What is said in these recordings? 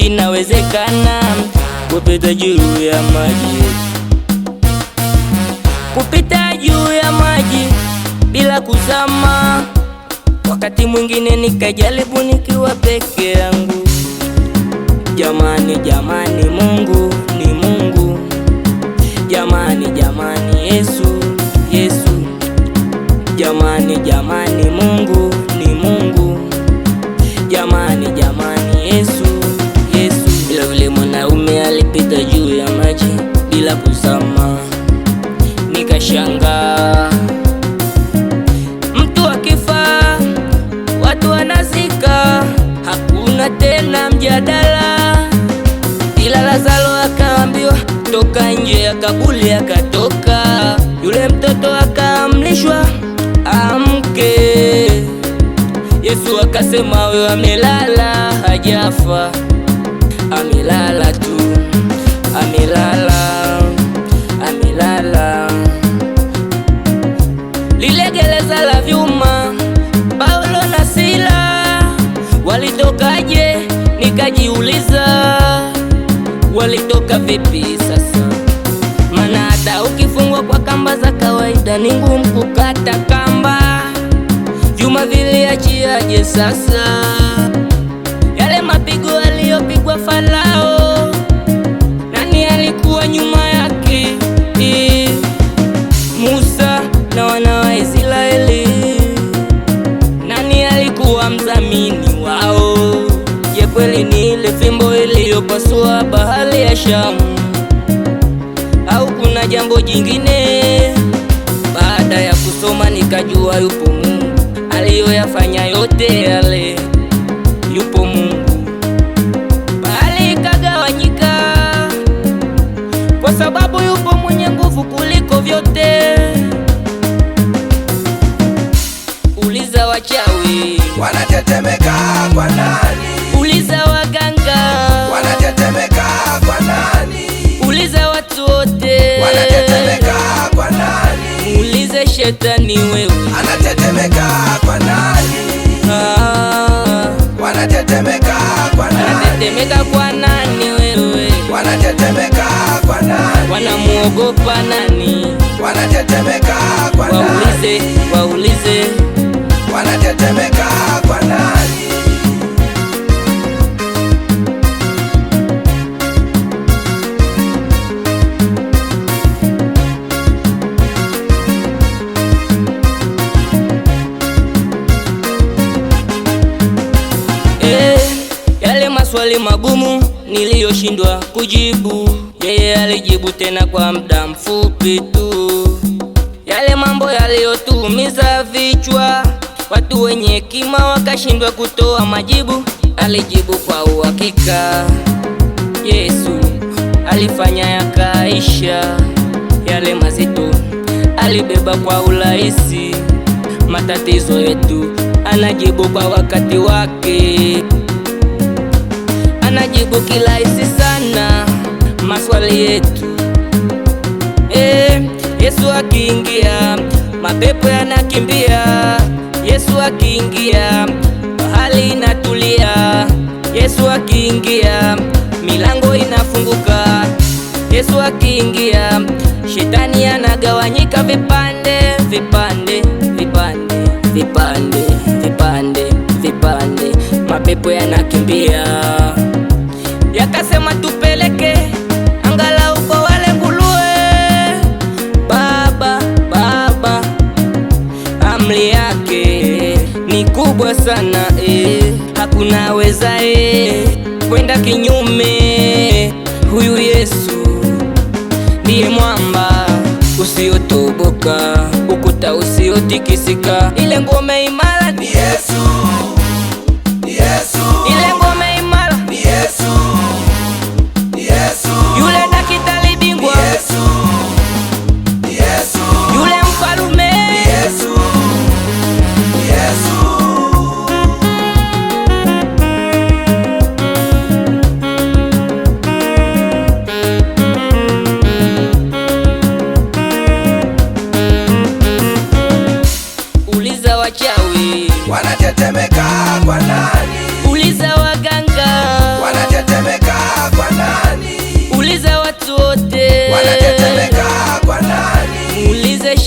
inawezekana kupita juu ya maji, kupita juu ya maji bila kuzama. Wakati mwingine nikajaribu nikiwa peke yangu. Jamani, jamani, Mungu ni Mungu. Jamani, jamani, Yesu Yesu. Jamani, jamani, Mungu mjadala, ila Lazaro akaambiwa toka nje ya kaburi, akatoka. Yule mtoto akaamrishwa amke. Yesu akasema wewe amelala, hajafa, amelala tu, amelala walitoka vipi sasa? Maana hata ukifungwa kwa kamba za kawaida ni ngumu kukata kamba. Juma viliachiaje sasa yale mapigo aliyopigwa Farao? Nani alikuwa nyuma yake? Musa na wana wa Israeli, nani alikuwa mdhamini wao? Je, kweli ni ile fimbo iliyopasua maisha au kuna jambo jingine? Baada ya kusoma nikajua yupo Mungu aliyoyafanya yote watu wote wanatetemeka kwa nani? Ulize shetani wewe, anatetemeka kwa nani? Ah. wanatetemeka kwa nani? Wanatetemeka kwa nani wewe? Wanatetemeka kwa nani? Wanamuogopa nani? Wanatetemeka kwa nani? Waulize, waulize, wanatetemeka kwa nani? maswali magumu niliyoshindwa kujibu, yeye alijibu tena kwa muda mfupi tu, yale mambo yaliyotuumiza vichwa, watu wenye hekima wakashindwa kutoa majibu. Alijibu kwa uhakika, Yesu alifanya yakaisha, yale mazito alibeba kwa urahisi, matatizo yetu anajibu kwa wakati wake anajibu kirahisi sana maswali yetu Eh, Yesu akiingia mapepo yanakimbia. Yesu akiingia hali inatulia. Yesu akiingia milango inafunguka. Yesu akiingia shetani anagawanyika vipande vipande vipande vipande vipande vipande, mapepo yanakimbia. kinyume. Huyu Yesu ndiye mwamba usiotoboka, ukuta usiotikisika, ile ngome imara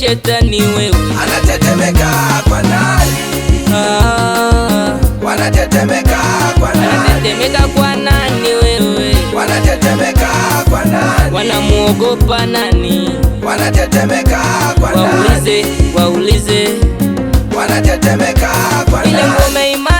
shetani wewe, anatetemeka kwa nani? Ah. wanatetemeka kwa nani? Wanatetemeka kwa nani wewe? Wanatetemeka kwa nani? Wanamuogopa nani? Wanatetemeka kwa nani? Waulize, waulize, wanatetemeka kwa nani? Ile